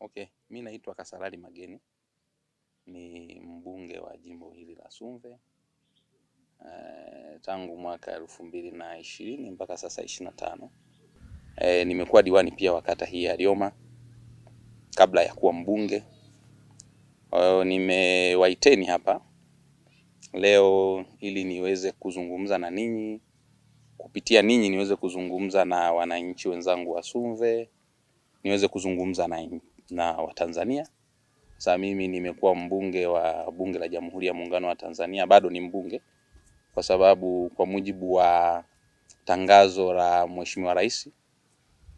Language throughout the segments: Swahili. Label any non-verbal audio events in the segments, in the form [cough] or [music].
Okay, mi naitwa Kasalali Mageni ni mbunge wa jimbo hili la Sumve uh, tangu mwaka elfu mbili na ishirini mpaka sasa ishirini na tano. Eh, nimekuwa diwani pia wa kata hii ya kabla ya kuwa mbunge. Uh, nimewaiteni hapa leo ili niweze kuzungumza na ninyi, kupitia ninyi niweze kuzungumza na wananchi wenzangu wa Sumve, niweze kuzungumza na ninyi na Watanzania. Sasa mimi nimekuwa mbunge wa Bunge la Jamhuri ya Muungano wa Tanzania, bado ni mbunge kwa sababu kwa mujibu wa tangazo la Mheshimiwa Rais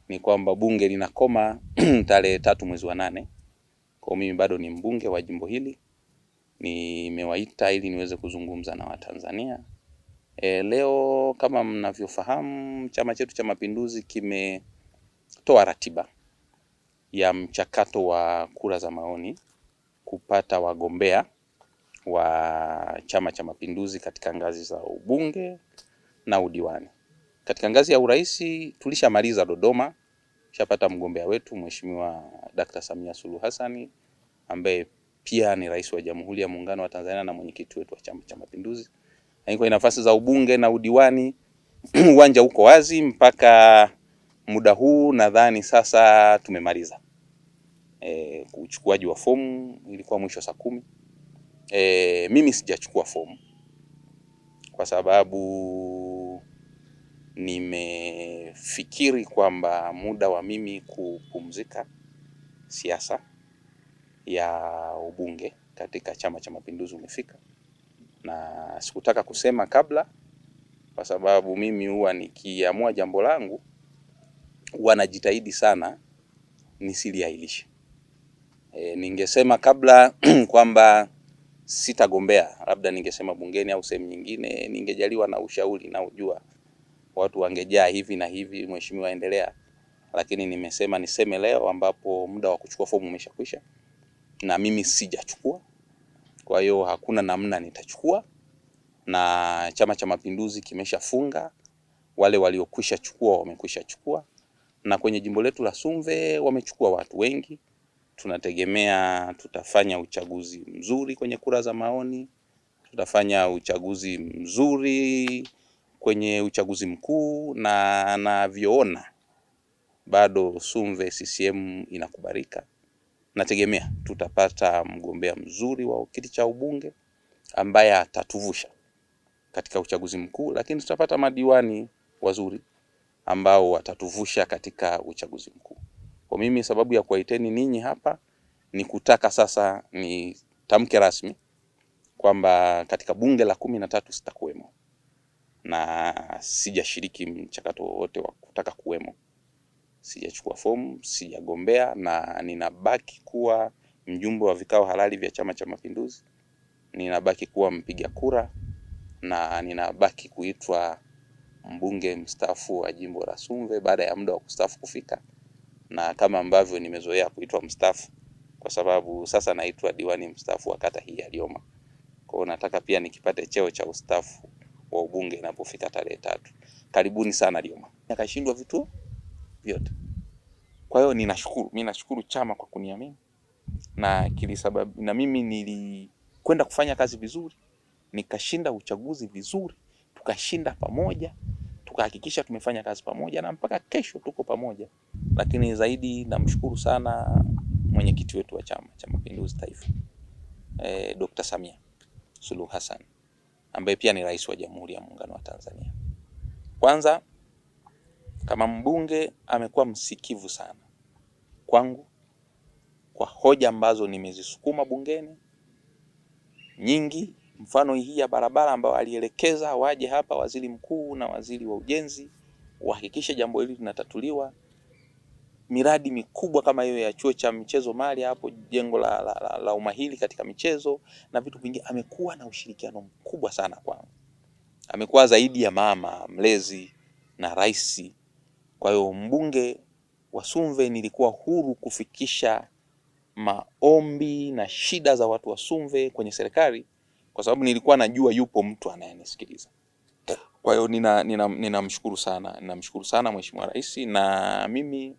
ni kwamba bunge linakoma [clears throat] tarehe tatu mwezi wa nane. Kwa mimi bado ni mbunge wa jimbo hili, nimewaita ili niweze kuzungumza na Watanzania. E, leo kama mnavyofahamu Chama chetu cha Mapinduzi kimetoa ratiba ya mchakato wa kura za maoni kupata wagombea wa Chama cha Mapinduzi katika ngazi za ubunge na udiwani. Katika ngazi ya urais tulishamaliza Dodoma, tushapata mgombea wetu Mheshimiwa Dr. Samia Suluhu Hassani ambaye pia ni rais wa Jamhuri ya Muungano wa Tanzania na mwenyekiti wetu wa Chama cha Mapinduzi. Lakini kwenye nafasi za ubunge na udiwani [clears throat] uwanja uko wazi mpaka muda huu nadhani sasa tumemaliza e, uchukuaji wa fomu ilikuwa mwisho saa kumi. E, mimi sijachukua fomu kwa sababu nimefikiri kwamba muda wa mimi kupumzika siasa ya ubunge katika Chama cha Mapinduzi umefika, na sikutaka kusema kabla, kwa sababu mimi huwa nikiamua jambo langu wanajitahidi sana nisiliahilisha. E, ningesema kabla [clears throat] kwamba sitagombea, labda ningesema bungeni au sehemu nyingine, ningejaliwa na ushauri na ujua watu wangejaa hivi na hivi, mheshimiwa, endelea. Lakini nimesema niseme leo ambapo muda wa kuchukua fomu umeshakwisha na mimi sijachukua, kwa hiyo hakuna namna nitachukua, na Chama cha Mapinduzi kimeshafunga, wale waliokwisha chukua wamekwisha chukua na kwenye jimbo letu la Sumve wamechukua watu wengi. Tunategemea tutafanya uchaguzi mzuri kwenye kura za maoni, tutafanya uchaguzi mzuri kwenye uchaguzi mkuu, na anavyoona bado Sumve CCM inakubalika. Nategemea tutapata mgombea mzuri wa kiti cha ubunge ambaye atatuvusha katika uchaguzi mkuu, lakini tutapata madiwani wazuri ambao watatuvusha katika uchaguzi mkuu. Kwa mimi sababu ya kuwaiteni ninyi hapa ni kutaka sasa ni tamke rasmi kwamba katika bunge la kumi na tatu sitakuwemo na sijashiriki mchakato wowote wa kutaka kuwemo. Sijachukua fomu, sijagombea na ninabaki kuwa mjumbe wa vikao halali vya Chama cha Mapinduzi, ninabaki kuwa mpiga kura na ninabaki kuitwa mbunge mstaafu wa jimbo la Sumve baada ya muda wa kustaafu kufika, na kama ambavyo nimezoea kuitwa mstaafu, kwa sababu sasa naitwa diwani mstaafu wa kata hii ya Lioma. Kwa hiyo nataka pia nikipate cheo cha ustaafu wa ubunge inapofika tarehe tatu. Karibuni sana Lioma. Nikashindwa vitu vyote. Kwa hiyo ninashukuru, mimi nashukuru chama kwa kuniamini na kilisababu, na mimi nilikwenda kufanya kazi vizuri nikashinda uchaguzi vizuri tukashinda pamoja, tukahakikisha tumefanya kazi pamoja na mpaka kesho tuko pamoja. Lakini zaidi namshukuru sana mwenyekiti wetu wa Chama cha Mapinduzi Taifa e, eh, Dr. Samia Suluhu Hassan ambaye pia ni rais wa Jamhuri ya Muungano wa Tanzania. Kwanza kama mbunge amekuwa msikivu sana kwangu kwa hoja ambazo nimezisukuma bungeni nyingi Mfano hii ya barabara ambayo alielekeza waje hapa waziri mkuu na waziri wa ujenzi wahakikishe jambo hili linatatuliwa. Miradi mikubwa kama hiyo ya chuo cha michezo mali hapo, jengo la, la, la, la umahili katika michezo na vitu vingine, amekuwa na ushirikiano mkubwa sana kwangu, amekuwa zaidi ya mama mlezi na rais. Kwa hiyo mbunge wa Sumve nilikuwa huru kufikisha maombi na shida za watu wa Sumve kwenye serikali kwa sababu nilikuwa najua yupo mtu anayenisikiliza. Kwa hiyo ninamshukuru nina, nina sana ninamshukuru sana Mheshimiwa Rais, na mimi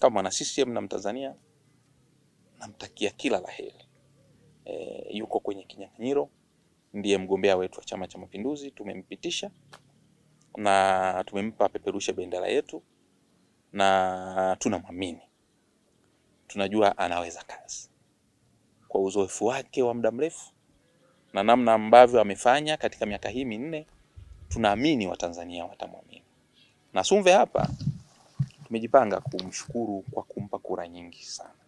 kama mwana CCM na Mtanzania namtakia kila la heri. E, yuko kwenye kinyang'anyiro, ndiye mgombea wetu wa Chama cha Mapinduzi. Tumempitisha na tumempa peperusha bendera yetu na tunamwamini, tunajua anaweza kazi kwa uzoefu wake wa muda mrefu na namna ambavyo amefanya katika miaka hii minne, tunaamini Watanzania watamwamini. Na Sumve hapa tumejipanga kumshukuru kwa kumpa kura nyingi sana.